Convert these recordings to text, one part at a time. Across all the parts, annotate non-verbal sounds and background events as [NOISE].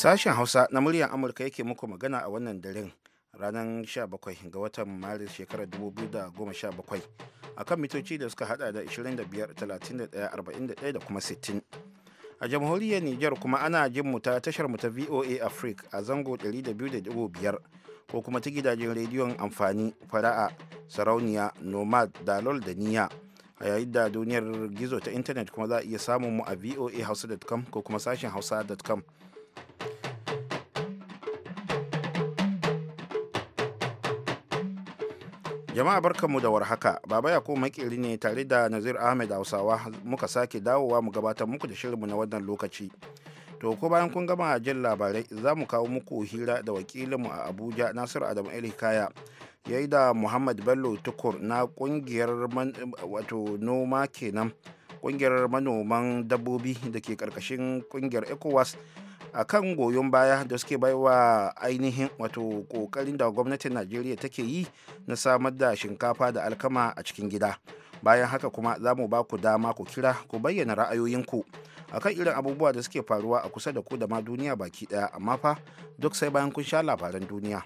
Sashen Hausa na muryar Amurka yake muku magana a wannan daren ranar 17 ga watan Maris shekarar 2017 akan mitoci da suka hada da 25, da kuma 60. a jamhuriyar Nijar kuma ana jin mu ta tashar mu ta VOA Africa a zango 200.5 ko kuma ta gidajen rediyon amfani fara'a sarauniya nomad dalol da niya a yayin da duniyar gizo ta intanet kuma za a iya samun mu a voa voahausa.com ko kuma sashen hausa.com jama'a barkanmu da warhaka baba ya ko makeri ne tare da nazir ahmed hausawa muka sake dawowa mu gabatar muku da shirinmu na wannan lokaci to ko bayan kun gama jin labarai za mu kawo muku hira da wakilinmu a abuja nasiru adamu el ya yi da muhammad bello tukur na kungiyar wato noma kenan kungiyar manoman dabbobi da ke karkashin kungiyar ecowas a kan goyon baya da suke baiwa ainihin wato kokarin da gwamnatin najeriya take yi na samar da shinkafa da alkama a cikin gida bayan haka kuma za mu ba ku dama ku kira ku bayyana ra'ayoyinku a kan irin abubuwa da suke faruwa a kusa da ku da ma duniya baki daya amma fa duk sai bayan kun sha labaran duniya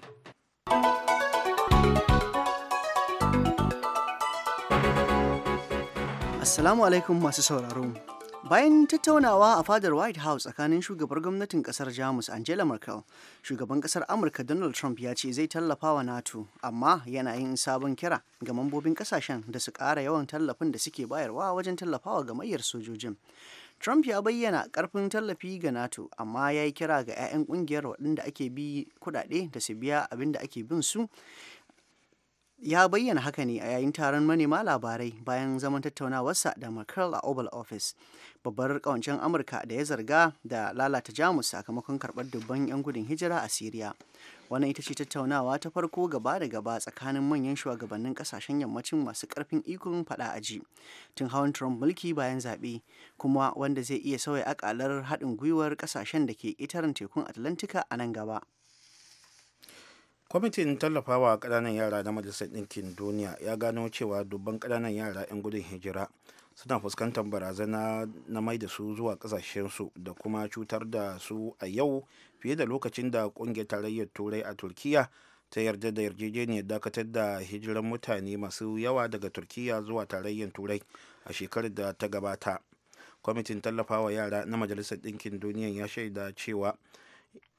assalamu alaikum masu sauraron. bayan tattaunawa a fadar white house tsakanin shugabar gwamnatin kasar jamus angela merkel shugaban kasar amurka donald trump ya ce zai tallafa wa nato amma yana yin sabon kira ga mambobin kasashen da su kara yawan tallafin da suke bayarwa wajen tallafawa gamayyar sojojin Trump ya bayyana karfin tallafi ga NATO amma ya yi kira ga 'ya'yan kungiyar waɗanda ake bi kuɗaɗe da su biya abin da ake bin su ya bayyana haka ne a yayin taron manema labarai bayan zaman tattaunawarsa da mccall a Oval Office, babbar kawancen Amurka da ya zarga da lalata Jamus sakamakon karbar dubban 'yan gudun hijira a Siriya. Wannan ita ce tattaunawa ta farko gaba da gaba tsakanin manyan shugabannin kasashen yammacin masu karfin ikon faɗa aji tun hawan Trump mulki bayan zaɓe kuma wanda zai iya sauya akalar haɗin gwiwar kasashen da ke ƙetaren tekun Atlantika a nan gaba. kwamitin tallafawa ƙananan yara na majalisar ɗinkin duniya ya gano cewa dubban ƙananan yara 'yan gudun hijira suna fuskantar barazana na mai da su zuwa ƙasashensu da kuma cutar da su a yau fiye da lokacin da ƙungiyar tarayyar turai a turkiya ta yarda da yarjejeniyar dakatar da hijiran mutane masu yawa daga turkiya zuwa tarayyar turai a shekarar da ta gabata kwamitin tallafawa yara na majalisar ɗinkin duniya ya shaida cewa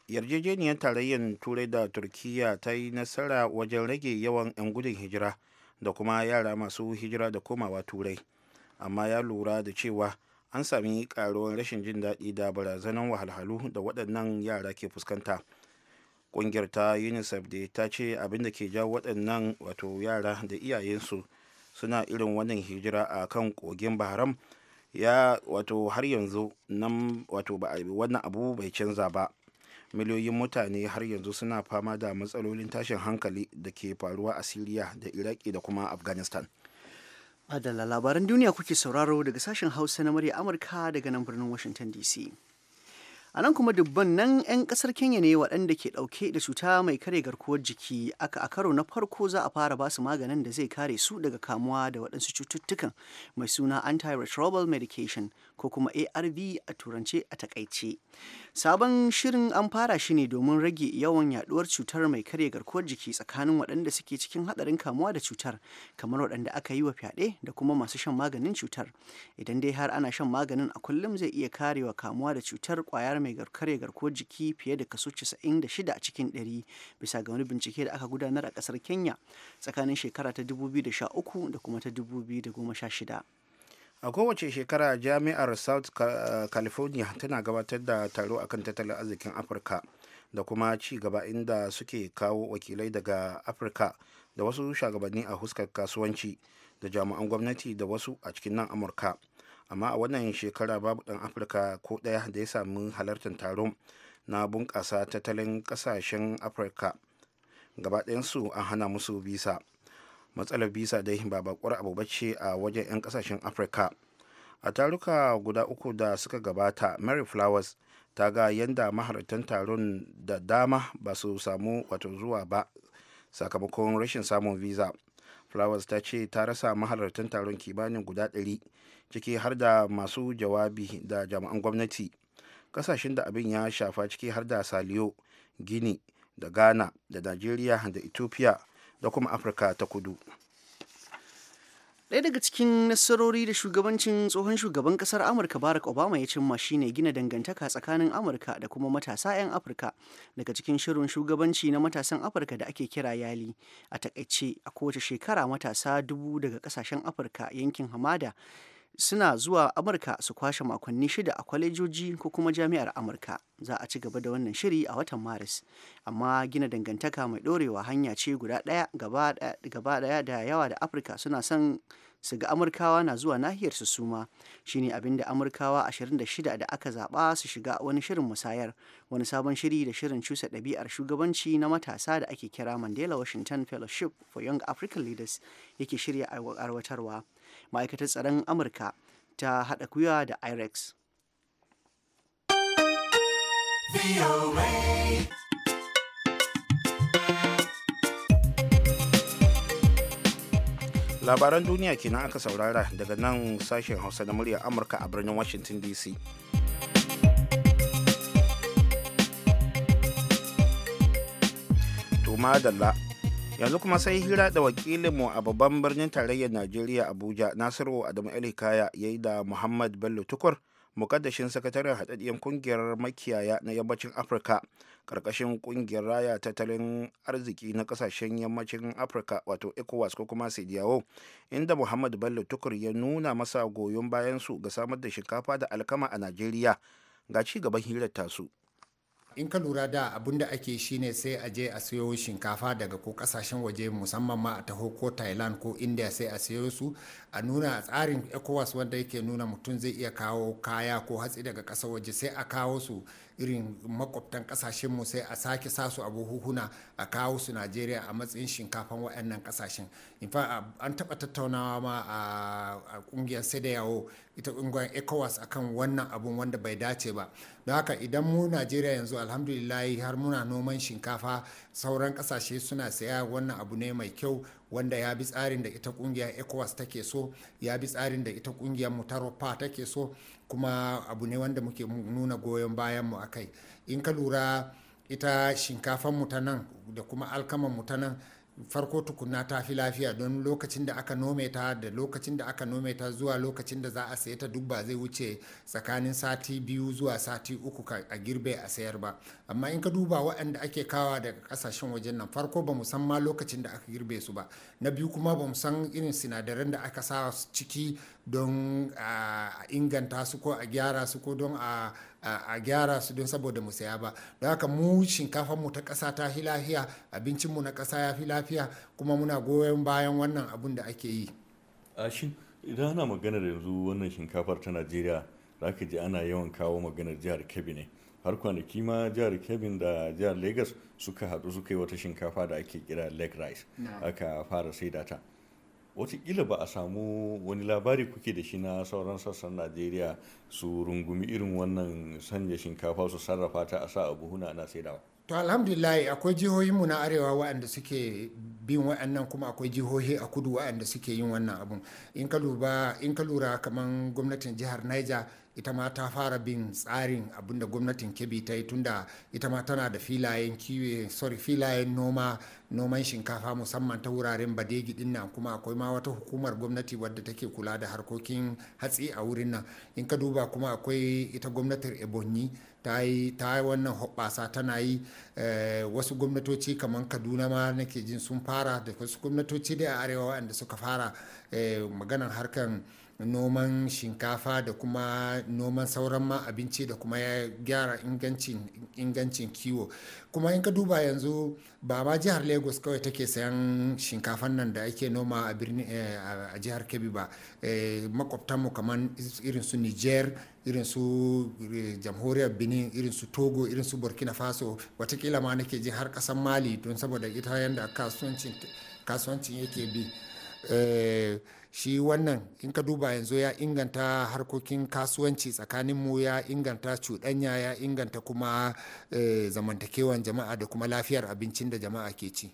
yarjejeniyar tarayyar turai da turkiya ta yi nasara wajen rage yawan 'yan gudun hijira da kuma yara masu hijira da komawa turai amma ya lura da cewa an sami karuwar rashin jin daɗi da barazanan wahalhalu da waɗannan yara ke fuskanta ƙungiyar ta unicef da ta ce abin da ke jawo waɗannan wato yara da iyayensu suna irin wannan hijira a kan kogin bahram ya wato har yanzu nan wato wannan abu bai canza ba miliyoyin mutane har yanzu suna fama da matsalolin tashin hankali da ke faruwa a siriya da iraki da kuma afghanistan adala labaran duniya kuke sauraro daga sashen hausa na murya amurka daga nan birnin washington dc a nan kuma dubban nan 'yan kasar kenya ne waɗanda ke ɗauke da cuta mai kare garkuwar jiki aka a karo na farko za a fara basu maganin da zai kare su daga kamuwa da waɗansu cututtukan mai suna antiretroviral medication ko kuma arv a turance a takaice sabon shirin an fara shi ne domin rage yawan yaduwar cutar mai kare garkuwar jiki tsakanin waɗanda suke cikin haɗarin kamuwa da cutar kamar waɗanda aka yi wa fyaɗe da kuma masu shan maganin cutar idan dai har ana shan maganin a kullum zai iya karewa kamuwa da cutar ƙwayar mai karya garkuwar jiki fiye da kaso 96 a cikin 100 bisa ga wani bincike da aka gudanar a kasar kenya tsakanin shekara ta 2013 da kuma ta 2016 a kowace shekara jami'ar south eh, california tana gabatar da taro akan tattalin arzikin afirka da kuma ci gaba inda suke kawo wakilai daga afirka da wasu shugabanni a huskar kasuwanci da jami'an gwamnati da wasu a cikin nan amurka amma a wannan shekara babu dan afirka ko daya da ya samu halartar taron na bunƙasa tattalin ƙasashen afirka gaba gabaɗayansu an hana musu visa matsalar visa dai ba bakwar abu bace a wajen 'yan ƙasashen afirka a taruka guda uku da suka gabata mary flowers ta ga yadda maharatan taron da dama ba su samu wato zuwa ba sakamakon rashin samun visa flowers ta ce ta rasa mahalartan taron kibanin guda 100 ciki har da masu jawabi da jami'an gwamnati kasashen da abin ya shafa ciki har da saliyo gini da ghana da nigeria da ethiopia da kuma afirka ta kudu Ɗaya daga cikin nasarori da shugabancin tsohon shugaban ƙasar Amurka Barack Obama ya cimma shine gina dangantaka tsakanin Amurka da kuma matasa 'yan Afirka daga cikin shirin shugabanci na matasan Afirka da ake kira Yali. A takaice a kowace shekara matasa dubu daga ƙasashen Afirka yankin hamada suna zuwa amurka su kwashe makonni shida a kwalejoji ko kuma jami'ar amurka za a ci gaba da wannan shiri a watan maris amma gina dangantaka mai ɗorewa hanya ce guda ɗaya gaba ɗaya da yawa da afirka suna son su ga amurkawa na zuwa nahiyar su suma shine abin da amurkawa ashirin da shida, da aka zaɓa su shiga wani shirin musayar wani sabon shiri da shirin cusa ɗabi'ar shugabanci na matasa da ake kira mandela washington fellowship for young african leaders yake shirya aiwatarwa ma'aikatar tsaron amurka ta haɗa kuya da irex labaran duniya kenan aka saurara daga nan sashen hausa na muryar amurka a birnin washington dc to la. yanzu kuma sai hira da wakilin mu a babban birnin tarayyar najeriya abuja nasiru adamu elikaya ya yi da muhammad bello tukur mukaddashin sakataren haɗaɗɗiyar kungiyar makiyaya na yammacin afirka ƙarƙashin kungiyar raya tattalin arziki na ƙasashen yammacin afirka wato ecowas ko kuma sediyawo inda muhammad bello tukur ya nuna masa goyon bayan su ga samar da shinkafa da alkama a najeriya ga ci gaban hirar tasu. in ka lura da abun da ake shi ne sai a je a siyo shinkafa daga ko kasashen waje musamman ma a taho ko thailand ko india sai a siyo su a nuna a tsarin ecowas wanda yake nuna mutum zai iya kawo kaya ko hatsi daga ƙasar waje sai a kawo su irin makwabtan kasashen mu sai a sake sa su a buhuhuna a kawo su najeriya a matsayin shinkafan waɗannan kasashen in fa an taɓa tattaunawa ma a ƙungiyar sai da yawo ita ƙungiyar ecowas akan wannan abun wanda bai dace ba don haka idan mu najeriya yanzu alhamdulillah har muna noman shinkafa sauran kasashe suna saya wannan abu ne mai kyau wanda ya bi tsarin da ita kungiyar ecowas take so ya bi tsarin da ita kungiyar mu ta take so kuma abu ne wanda muke nuna goyon bayan mu akai in ka lura ita shinkafan mu nan da kuma alkaman mu nan farko tukunna ta fi lafiya don lokacin da aka nome ta da lokacin da aka nome ta zuwa lokacin da za a saye ta duk ba zai wuce tsakanin sati biyu zuwa sati uku a girbe a sayar ba amma in ka duba waɗanda ake kawa daga kasashen wajen nan farko ba san ma lokacin da aka girbe su ba na biyu kuma ba san irin sinadaran da aka sa ciki don ah, a inganta su ko a gyara su ko don a a gyara su don saboda mu saya ba don haka mu shinkafan mu ta ƙasa ta fi lafiya abincin mu na ƙasa ya fi lafiya kuma muna goyon bayan wannan abun da ake yi shin idan ana maganar yanzu wannan shinkafar ta najeriya za ka ji ana yawan kawo maganar jihar kebbi ne har kwanaki ma jihar kebbi da jihar lagos suka haɗu suka yi wata shinkafa da ake kira lake rice aka fara saida ta watakila ba a samu wani labari kuke da shi na sauran sassan najeriya su rungumi irin wannan sanya shinkafa su sarrafa ta a sa a buhuna ana saidawa to alhamdulillah akwai jihohinmu na arewa waɗanda suke bin waɗannan kuma akwai jihohi a kudu waɗanda suke yin wannan abun in ka lura kamar gwamnatin jihar niger ita ma ta fara bin tsarin abinda gwamnatin kebi ta yi tunda ita ma tana da filayen kiwe sorry filayen noma noman shinkafa musamman ta wuraren badegi din nan kuma akwai ma wata hukumar gwamnati wadda take kula da harkokin hatsi a wurin nan in ka duba kuma akwai ita gwamnatin ebonyi ta yi wannan hoɓɓasa tana yi eh, wasu gwamnatoci kamar kaduna ma nake jin sun fara da wasu gwamnatoci da a arewa waɗanda suka fara eh, maganar harkar noman shinkafa da kuma noman sauran ma abinci da kuma ya gyara ingancin kiwo kuma in ka duba yanzu ba ma jihar lagos kawai take sayan shinkafan nan da ake noma a eh, jihar kebbi ba eh, mu kamar irin su niger irin su eh, jamhuriyar benin irin su togo irin su burkina faso watakila ma nake ji har kasan mali don saboda ita yadda kasuwancin yake bi shi wannan in ka duba yanzu ya inganta harkokin kasuwanci tsakanin mu ya inganta cuɗanya ya inganta kuma eh, zamantakewan jama'a da kuma lafiyar abincin da jama'a ke ci.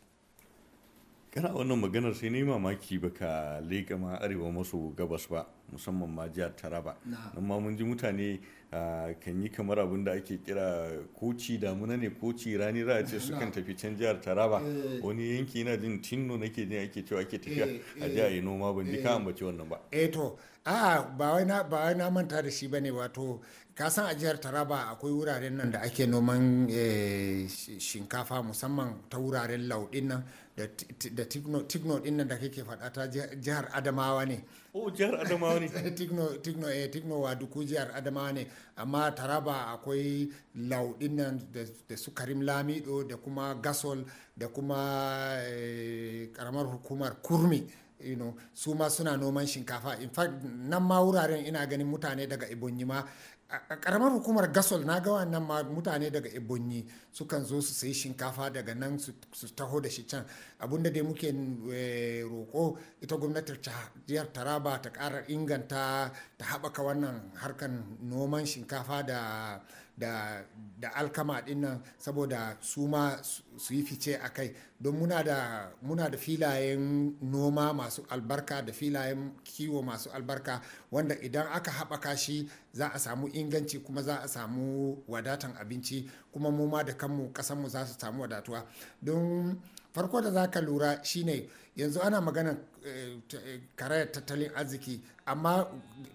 kana wannan maganar sai ne mamaki ba ka leƙa ma arewa maso gabas ba musamman ma jihar taraba nan ma mun ji mutane kan yi kamar abin da ake kira koci damuna ne koci rani za a ce sukan [LAUGHS] tafi can jihar taraba eh. wani yanki yana jin tinno nake jin ake cewa ake tafiya eh, a jiya yi eh. noma ban ji ka ambaci wannan ba eh to a ba wai na manta da shi bane wato ka san a jihar taraba akwai wuraren nan da ake noman eh, shinkafa musamman ta wuraren laudin nan da tigno din nan da kake faɗa ta jihar adamawa ne oh jihar adamawa ne [LAUGHS] tigno tigno eh tigno wa duku jihar adamawa ne amma taraba akwai laudin nan da su karim lamido da kuma gasol da kuma karamar eh, hukumar kurmi you know, su ma suna noman shinkafa in fact nan ma wuraren ina ganin mutane daga ibonyi ma a karamar hukumar gasol na ga wannan ma mutane daga ebonyi sukan zo su sayi shinkafa daga nan su taho da shi can abinda dai muke eh, roƙo, ita gwamnatin jihar taraba ta ƙara inganta ta haɓaka wannan harkar noman shinkafa da da da alkama dinnan saboda su ma su yi fice a kai don muna da muna da filayen noma masu albarka da filayen kiwo masu albarka wanda idan aka haɓaka shi za a samu inganci kuma za a samu wadatan abinci kuma mu ma da kanmu kasanmu za su samu wadatuwa don farko da za ka lura shine yanzu ana magana. karayar tattalin arziki amma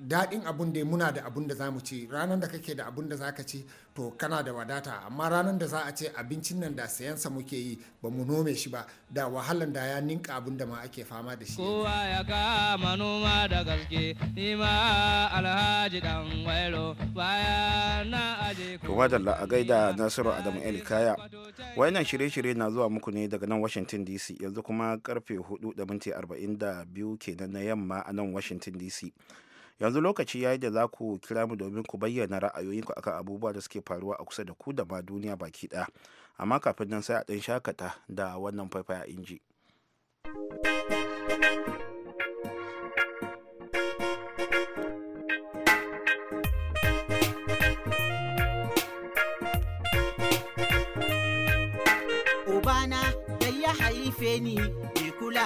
daɗin abun da muna da abun da za mu ci ranar da kake da abun da za ka ci to kana da wadata amma ranar da za a ce abincin nan da sayansa muke yi ba mu nome shi ba da wahalan da ya ninka abun da ma ake fama da shi kowa ya kama noma da gaske ni ma alhaji dan wairo baya na aje to madalla a gaida nasiru adamu el kaya wayannan shirye-shirye na zuwa muku ne daga nan washington dc yanzu kuma karfe 4 da minti 40 da biyu kenan na yamma a nan washington dc yanzu lokaci ya yi da za ku kira mu domin ku bayyana ra'ayoyinku akan abubuwa da suke faruwa a kusa da ku da ma duniya baki ɗaya amma kafin nan sai a ɗan shakata da wannan a inji. obana ya haife ni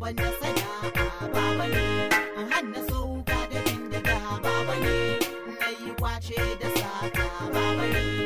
sauka da saka baba ne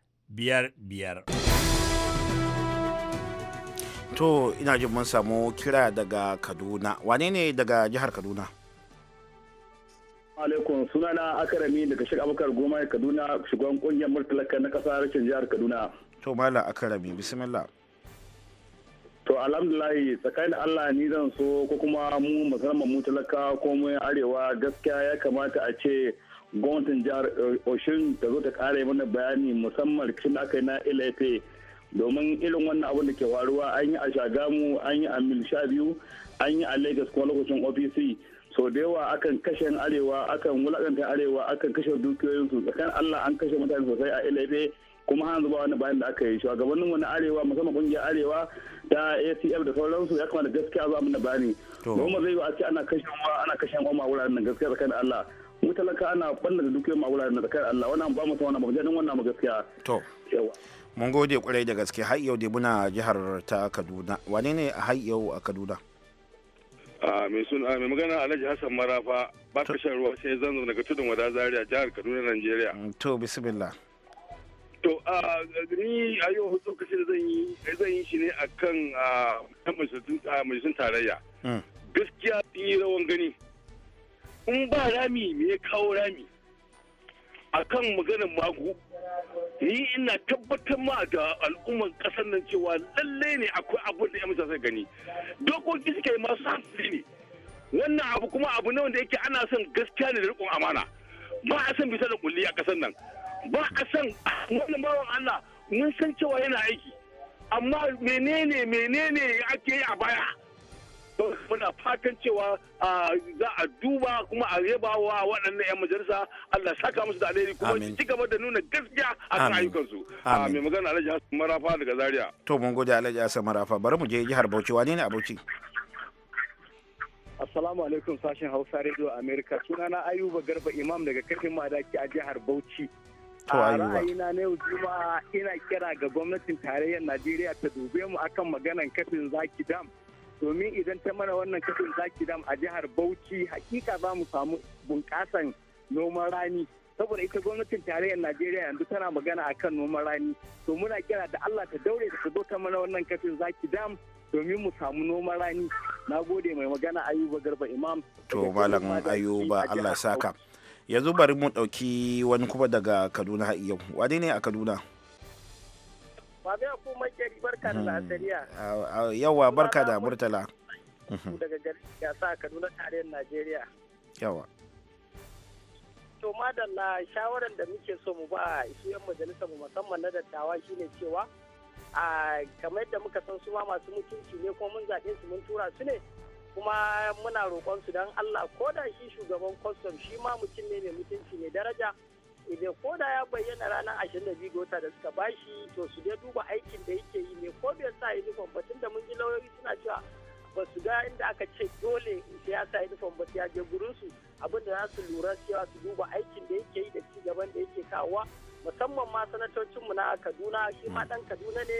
biyar biyar. To ina jin mun samu kira daga Kaduna. Wane ne daga jihar Kaduna? alaikum sunana akarami daga shiga abokar goma kaduna shugaban kungiyar martalaka na kasa rashin jihar kaduna to mala akarami bismillah to alhamdulahi tsakanin allah ni zan so ko kuma mu musamman mu talaka ko mu arewa gaskiya ya kamata a ce gwamnatin jihar oshin ta zo ta kare mana bayani musamman rikicin da aka yi na ilafe domin irin wannan abin da ke faruwa an yi a shagamu an yi a mil sha biyu an yi a lagos kuma lokacin opc sau da yawa akan kashe arewa akan wulakanta arewa akan kashe dukiyoyinsu tsakan allah an kashe mutane sosai a ilafe kuma hanzu ba wani bayan da aka yi shugabannin wani arewa musamman kungiyar arewa ta acf da sauransu ya kamata gaskiya zuwa mana bayani domin zai yi a ce ana kashe ana kashe a wuraren nan gaskiya tsakanin allah mu talaka ana balla da dukiyoyin mu a wuraren da kai Allah wannan ba mu wani abu janin wannan gaskiya to mun gode kwarai da gaske har yau dai muna jihar ta Kaduna wane ne har yau a Kaduna a mai suna mai magana Alhaji Hassan Marafa ba ka shan ruwa sai zanzo daga tudun wada Zaria jihar Kaduna Najeriya mm, to bismillah to a ni a yau lokacin da zan yi zan yi shi ne akan majalisun tarayya mm. gaskiya sun yi rawan gani in ba rami me ya kawo rami akan maganar magu ni ina tabbatar ma da al'umman kasar nan cewa lalle ne akwai abin da ya musa sai gani dokoki suke masu hankali ne wannan abu kuma abu ne wanda yake ana son gaskiya ne da riƙon amana ba a san bisa da kulli a kasar nan ba a san wannan bawan Allah mun san cewa yana aiki amma menene menene ake yi a baya muna fatan cewa za a duba kuma a reba wa waɗannan 'yan majalisa Allah saka musu da alheri kuma su ci gaba da nuna gaskiya a kan ayyukansu. Mai magana Alhaji Hassan Marafa daga Zaria. To mun gode Alhaji Hassan Marafa bari mu je jihar Bauchi wani ne a Bauchi? Assalamu alaikum sashen Hausa Radio America sunana Ayuba Garba Imam daga kafin madaki a jihar Bauchi. To Ayuba. Ra'ayina na yau Juma'a ina kira ga gwamnatin tarayyar Najeriya ta dube mu akan maganan kafin zaki dam. domin idan ta mana wannan kafin zaki dam a jihar bauchi hakika za mu samu bunƙasan noman rani saboda ita gwamnatin tarayyar najeriya yanzu tana magana akan noman rani to muna kira da allah ta daure da ta zo ta mana wannan kafin zaki dam domin mu samu noman rani na gode mai magana ayuba garba imam to malam ayuba allah saka yanzu bari mu ɗauki wani kuma daga kaduna har yau wane ne a kaduna Babu ya kuma kyari barka da hmm. Yawa barka da Murtala. Mhm. Daga garin Kaduna tarihin Najeriya. Yawa. To madalla shawarar da muke so mu ba su yan majalisa mu musamman na dattawa ne cewa a kamar da muka san su ma masu mutunci ne ko mun zaɓe su mun tura su ne kuma muna roƙon su don Allah ko da shi shugaban kwastam shi ma mutum ne mai mutunci ne daraja ko da ya bayyana ranar ashirin da biyu da suka bashi to su dai duba aikin da yake yi ne ko bai sa uniform ba tun da mun ji lauyoyi suna cewa ba su ga inda aka ce dole sai ya sa uniform ba ya je gurin su abin da za su lura cewa su duba aikin da yake yi da ci gaban da yake kawo musamman ma sanatocin mu na Kaduna shi ma dan Kaduna ne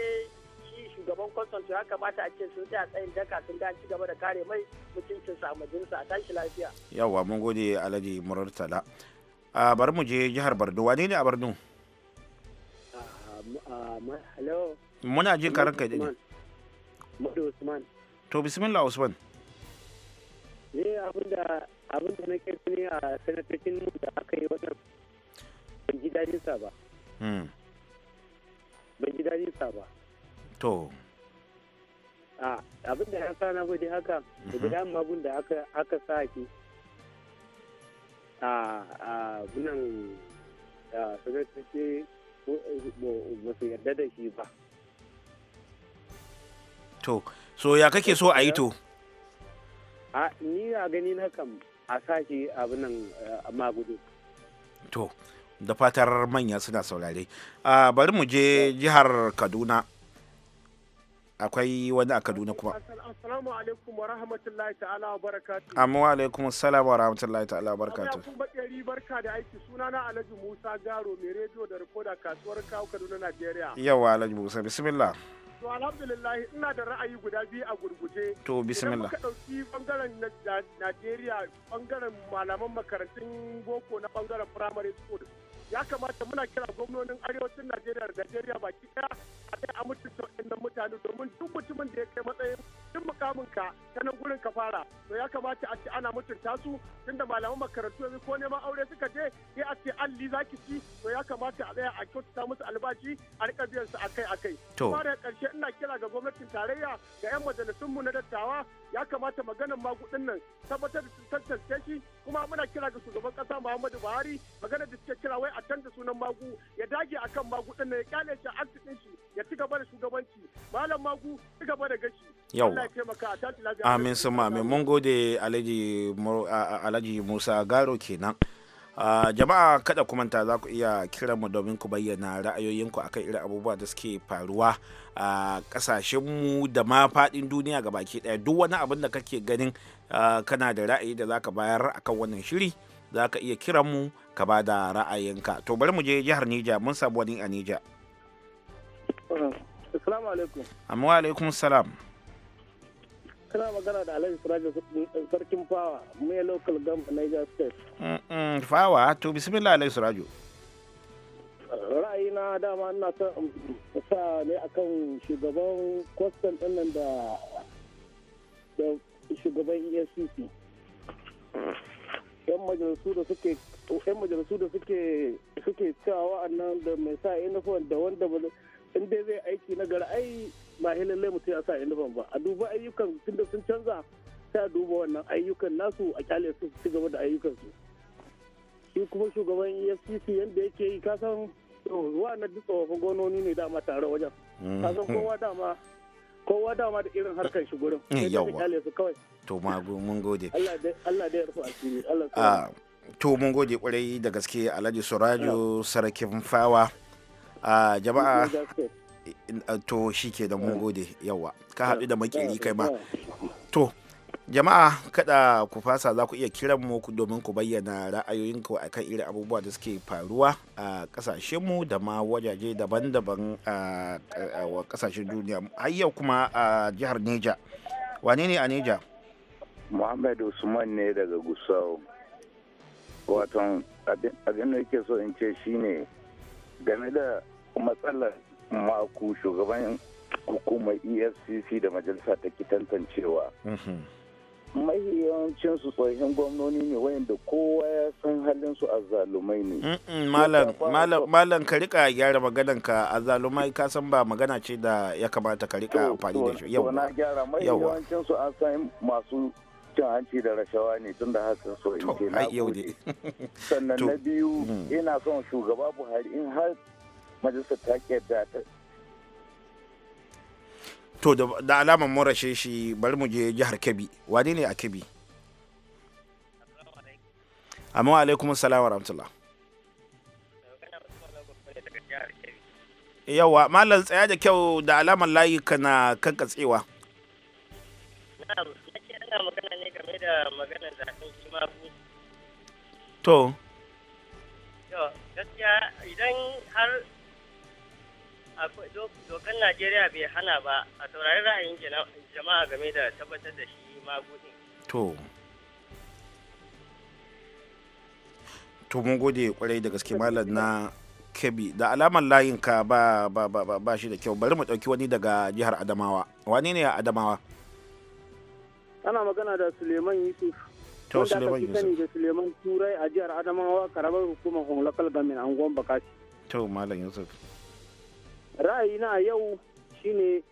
shi shugaban kwastan ya kamata a ce sun tsaya tsayin daka sun ga ci gaba da kare mai mutuncin sa a majinsa a tashi lafiya. Yawwa mun gode Alhaji Murtala. a bar mu je jihar Borno wane ne a bardo muna jin karan kai ne Mudu Usman to bismillah Usman ne abinda abinda na kai ne a sanatocin mu da aka yi wannan ban ji dadin sa ba hmm. ban ji dadin sa ba to a abinda ya sa na gode haka da gudan mhm. magun da aka sa shi a gunan sakatake eh, ba su yarda da shi ba to so ya kake so a yi to a ni a gani na kam a sashi abinan eh, magudu to da fatar manya suna saurare bari mu je jihar kaduna akwai wani a kaduna kuma assalamu alaikum wa rahmatullahi ta'ala wa barakatuh amma wa alaikum salam wa rahmatullahi ta'ala wa barakatuh kun bakari barka da aiki sunana alhaji musa garo mai rediyo da rikoda kasuwar kawo kaduna najeriya yawa alhaji musa bismillah to alhamdulillah ina da ra'ayi guda biyu a gurguje to bismillah idan muka ɗauki bangaren najeriya bangaren malaman makarantun boko na bangaren primary school ya kamata muna kira gwamnonin arewacin najeriya da najeriya baki ɗaya a kai a mutunta waɗannan mutane domin duk mutumin da ya kai matsayin duk mukamin ka ta nan gurin ka fara to ya kamata a ce ana mutunta su tunda malaman makarantu yanzu ko neman aure suka je sai a ce alli zaki ci to ya kamata a tsaya a kyautata musu albashi a rika biyan su akai akai to daga karshe ina kira ga gwamnatin tarayya ga yan majalisun mu na dattawa ya kamata maganar magudin nan tabbatar da tantance shi kuma muna kira ga shugaban kasa Muhammadu Buhari maganar da suke kira wai a canza sunan magu ya dage akan magu din ya kyale shi a shi ya ci gaba da shugabanci malam magu ci gaba da gashi yau amin sun amin mun gode alhaji musa garo kenan Uh, jama'a kada kumanta za ku iya kiran mu domin ku bayyana ra'ayoyinku akan irin abubuwa da suke faruwa a uh, mu da ma faɗin duniya ga baki ɗaya duk wani abin da kake ganin kana da ra'ayi da za ka bayar akan wannan shiri za ka iya kiran mu ka ba da ra'ayinka to bari mu je jihar Nija mun samu wani a Nija mm. Assalamu alaikum Amma wa alaikum salam kana magana da Alhaji Siraji sarkin fawa mai local government Niger state fawa to bismillah Alhaji Siraji ra'ayina dama ina ta sa ne akan shugaban kwastan din nan da shugaban EFCC yan majalisu da suke yan majalisu da suke suke cewa wa'annan da mai sa uniform da wanda ba in dai zai aiki na gari ai ba lalle mutum ya sa uniform ba a duba ayyukan tunda sun canza sai a duba wannan ayyukan nasu a kyale su ci gaba da ayyukan su shi kuma shugaban EFCC yanda yake yi kasan wa'annan duk tsofaffin gononi ne dama tare wajen mm. kasan kowa dama kowa dama da irin harkar shi gurin eh, yawwa to ma mun gode Allah da ya rufe asiri Allah ah, to mun gode kwarai da gaske Alhaji Surajo ah. sarakin fawa a ah, jama'a eh, to shike da mun gode yawa ka haɗu da makili kai ma to jama'a kada ku fasa za ku iya kiran mu domin ku bayyana ra'ayoyinku a kan irin abubuwa da suke faruwa a kasashenmu da ma wajaje daban-daban a kasashen duniya har yau kuma a jihar neja wane ne a neja muhammad usman ne daga gusau waton abin da yake so in ce shine game da matsalar maku shugaban hukumar efcc da majalisa ta ki tantancewa mhm. mahi yawancin su tsohon gwamnoni ne wayanda kowa ya san halin su azzalumai ne malam malam malam ka rika gyara maganan ka azzalumai ka san ba magana ce da ya kamata ka rika amfani da shi yau na gyara mafi yawancin su an san masu cin hanci da rashawa ne tun da haka so in ke na [LAUGHS] sannan na biyu mm. ina son shugaba buhari in har majalisar ta ke da to da alamar mun rashe shi bari mu je jihar kebbi wani ne a kebbi amma alaikum salam wa rahmatullah yawa malam tsaya da kyau da alamar layi kana kankatsewa to gaskiya idan har dokan Najeriya bai hana ba a saurari ra'ayin jama'a game da tabbatar da shi magudin. To. To mun gode kwarai da gaske malam na kebi da alamar layin ka ba ba ba ba, ba shi da kyau bari mu dauki wani daga jihar Adamawa. Wani ne a Adamawa? Ana magana da Suleiman Yusuf. To Suleiman Yusuf. Sani da Suleiman Turai a jihar Adamawa karamar hukumar Hong Local Government Angon Bakashi. To Malam Yusuf. ra'ayina a yau shine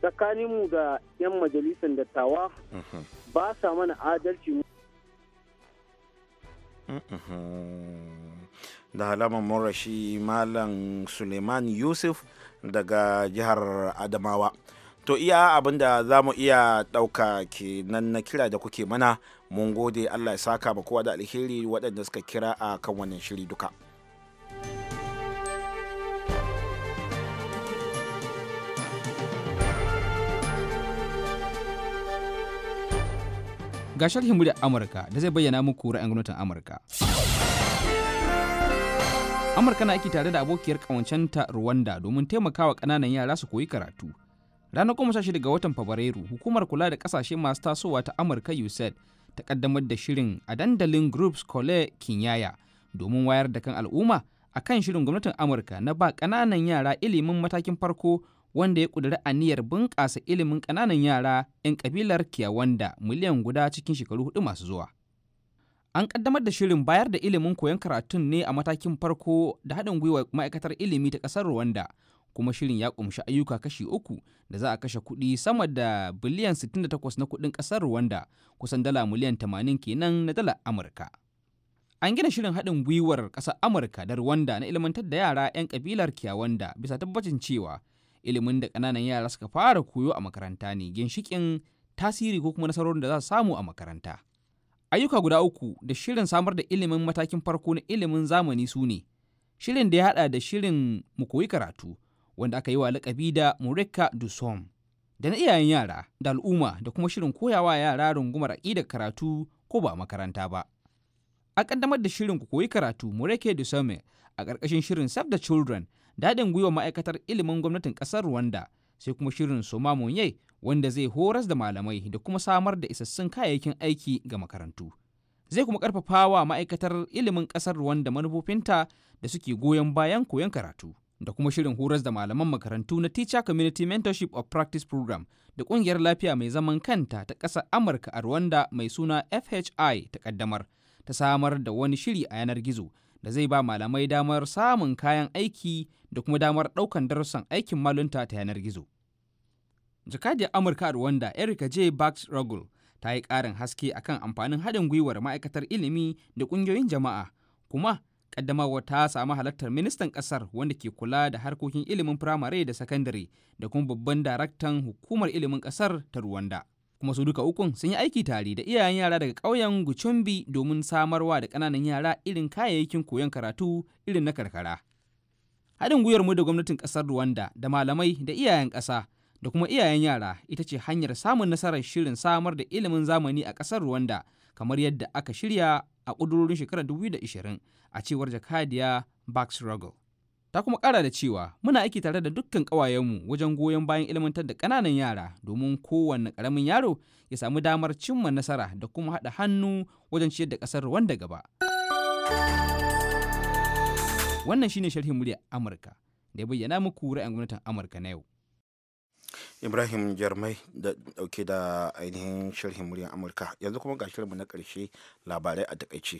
tsakaninmu da 'yan majalisar dattawa mhm. ba sa mana adalci mhm. da halaman morashi malam suleiman yusuf daga jihar adamawa to iya abin da za mu iya ɗauka kenan na kira da kuke mana mun gode allah ya saka ba kowa da alheri waɗanda suka kira a kan wannan shiri duka. ga sharhin muryar Amurka da zai bayyana muku ra'ayin gwamnatin Amurka. Amurka na aiki tare da abokiyar kawancenta Rwanda domin taimakawa ƙananan yara su koyi karatu. Ranar goma sha shida ga watan Fabrairu, hukumar kula da ƙasashe masu tasowa ta Amurka USAID ta kaddamar da shirin a dandalin Groups Kole Kinyaya domin wayar da kan al'umma akan shirin gwamnatin Amurka na ba ƙananan yara ilimin matakin farko wanda ya ƙudiri aniyar bunƙasa ilimin ƙananan yara 'yan ƙabilar Kiyawanda miliyan guda cikin shekaru hudu masu zuwa. An ƙaddamar da shirin bayar da ilimin koyon karatun ne a matakin farko da haɗin gwiwar ma'aikatar ilimi ta ƙasar Rwanda, kuma shirin ya ƙumshi ayyuka kashi uku da za a kashe kuɗi sama da biliyan 68 na kuɗin ƙasar Rwanda, kusan dala miliyan tamanin kenan na dala Amurka. An gina shirin haɗin gwiwar ƙasar Amurka da Rwanda na ilimantar da yara 'yan ƙabilar Kiyawanda bisa tabbacin cewa ilimin da ƙananan yara suka fara koyo a makaranta ne ginshikin tasiri ko kuma nasarorin da za su samu a makaranta ayyuka guda uku da shirin samar da ilimin matakin farko na ilimin zamani su ne shirin da ya haɗa da shirin mu koyi karatu wanda aka yi wa lakabi da Murika Dusom. Da na iyayen yara da al'umma da kuma shirin koyawa yara rungumar aƙidar karatu ko ba makaranta ba. A ƙaddamar da shirin ku koyi karatu Murike Dusome a ƙarƙashin shirin Save the Children daɗin gwiwa ma'aikatar ilimin gwamnatin ƙasar Rwanda sai kuma shirin Soma Monye wanda zai horas da malamai da kuma samar da isassun kayayyakin aiki ga makarantu. Zai kuma ƙarfafawa ma'aikatar ilimin ƙasar Rwanda manufofinta da suke goyon bayan koyon karatu da kuma shirin horas da malaman makarantu na Teacher Community Mentorship of Practice Program da ƙungiyar lafiya mai zaman kanta ta ƙasar Amurka a Rwanda mai suna FHI ta ƙaddamar ta samar da wani shiri a yanar gizo da zai ba malamai damar samun kayan aiki da kuma damar ɗaukan darussan aikin malunta ta yanar gizo. Jakadiyar Amurka a Rwanda Erika J. Bax Ruggle ta yi ƙarin haske akan amfanin haɗin gwiwar ma'aikatar ilimi da ƙungiyoyin jama'a kuma ƙaddamawa ta samu halartar ministan ƙasar wanda ke kula da harkokin ilimin firamare da sakandare da kuma babban daraktan hukumar ilimin ƙasar ta Rwanda. kuma su duka ukun sun yi aiki tare da iyayen yara daga ƙauyen gucumbi domin samarwa da ƙananan yara irin kayayyakin koyon karatu irin na karkara haɗin gwiwar mu da gwamnatin ƙasar rwanda da malamai da iyayen ƙasa da kuma iyayen yara ita ce hanyar samun nasarar shirin samar da ilimin zamani a ƙasar rwanda kamar yadda aka shirya a ƙudurorin shekarar 2020 a cewar jakadiya Bax Ruggle. ta kuma ƙara da cewa muna aiki tare da dukkan kawayenmu wajen goyon bayan ilmantar da kananan yara domin kowanne karamin yaro ya samu damar cimma nasara da kuma haɗa hannu wajen ciyar da ƙasar wanda gaba. Wannan shine sharhin murya Amurka da ya bayyana muku ra'ayin gwamnatin Amurka na yau. Ibrahim Jarmai da dauke da ainihin sharhin muryar Amurka yanzu kuma ga shirinmu na karshe labarai a takaice.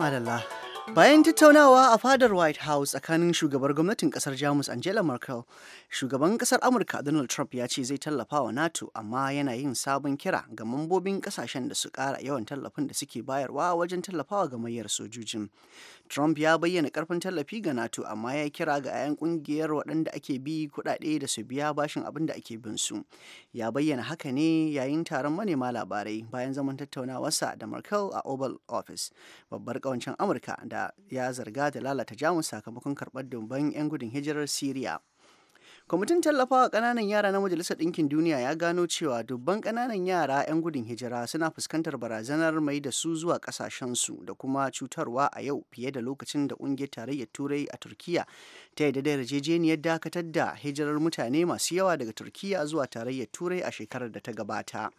madalla Bayan tattaunawa a fadar White House tsakanin shugabar gwamnatin kasar Jamus Angela Merkel, shugaban kasar Amurka Donald Trump ya ce zai tallafa wa NATO amma yana yin sabon kira ga mambobin kasashen da su kara yawan tallafin da suke bayarwa wajen tallafawa ga gamayyar sojojin. Trump ya bayyana karfin tallafi ga NATO amma ya kira ga 'yan kungiyar waɗanda ake bi kuɗaɗe da su biya bashin abin da ake bin su. Ya bayyana haka ne yayin taron manema labarai bayan zaman tattaunawarsa da Merkel a Oval Office, babbar ƙawancen Amurka da da ya zarga da lalata jamus sakamakon karɓar dubban 'yan gudun hijirar siriya kwamitin tallafawa kananan yara na majalisar ɗinkin duniya ya gano cewa dubban kananan yara 'yan gudun hijira suna fuskantar barazanar mai da su zuwa kasashensu da kuma cutarwa a yau fiye da lokacin da ƙungiyar tarayyar turai a turkiya ta yi da yarjejeniyar dakatar da hijirar mutane masu yawa daga turkiya zuwa tarayyar turai a shekarar da ta gabata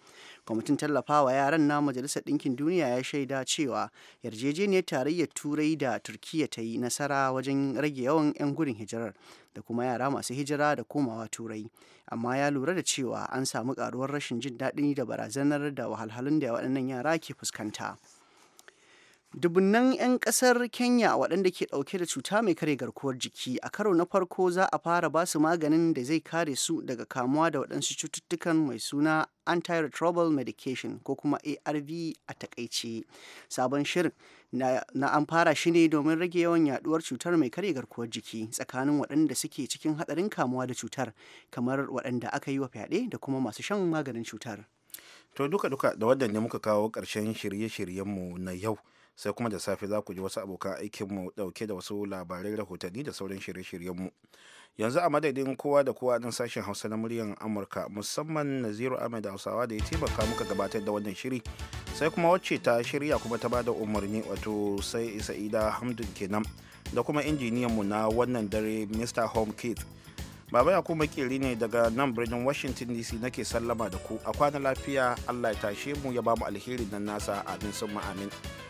kwamitin tallafawa yaran na majalisar ɗinkin duniya ya shaida cewa yarjejeniyar tarayyar turai da turkiya ta yi nasara wajen rage yawan 'yan gudun hijirar da kuma yara masu hijira da komawa turai amma ya lura da cewa an samu karuwar rashin jin daɗi da barazanar da wahalhalun da waɗannan yara ke fuskanta. Dubunnan 'yan kasar Kenya waɗanda ke ɗauke da cuta mai kare garkuwar jiki a karo na farko za a fara ba su maganin da zai kare su daga kamuwa da waɗansu cututtukan mai suna antiretroviral medication ko kuma ARV a takaice. Sabon shirin na, an fara shi ne domin rage yawan yaduwar cutar mai kare garkuwar jiki tsakanin waɗanda suke cikin haɗarin kamuwa da cutar kamar waɗanda aka yi wa fyaɗe da kuma masu shan maganin cutar. To duka-duka da waɗanda muka kawo ƙarshen shirye-shiryenmu na yau. sai kuma da safe za ku ji wasu abokan aikinmu dauke da wasu labarai rahotanni da sauran shirye-shiryenmu yanzu a madadin kowa da kowa na sashen hausa na muryan amurka musamman naziru ahmed hausawa da ya taimaka muka gabatar da wannan shiri sai kuma wacce ta shirya kuma ta bada umarni wato sai ida hamdun kenan da kuma injiniyanmu na wannan dare mr home kit baba ya kuma kiri ne daga nan birnin washington dc nake sallama da ku a kwana lafiya allah ya tashe mu ya bamu alheri nan nasa amin sun amin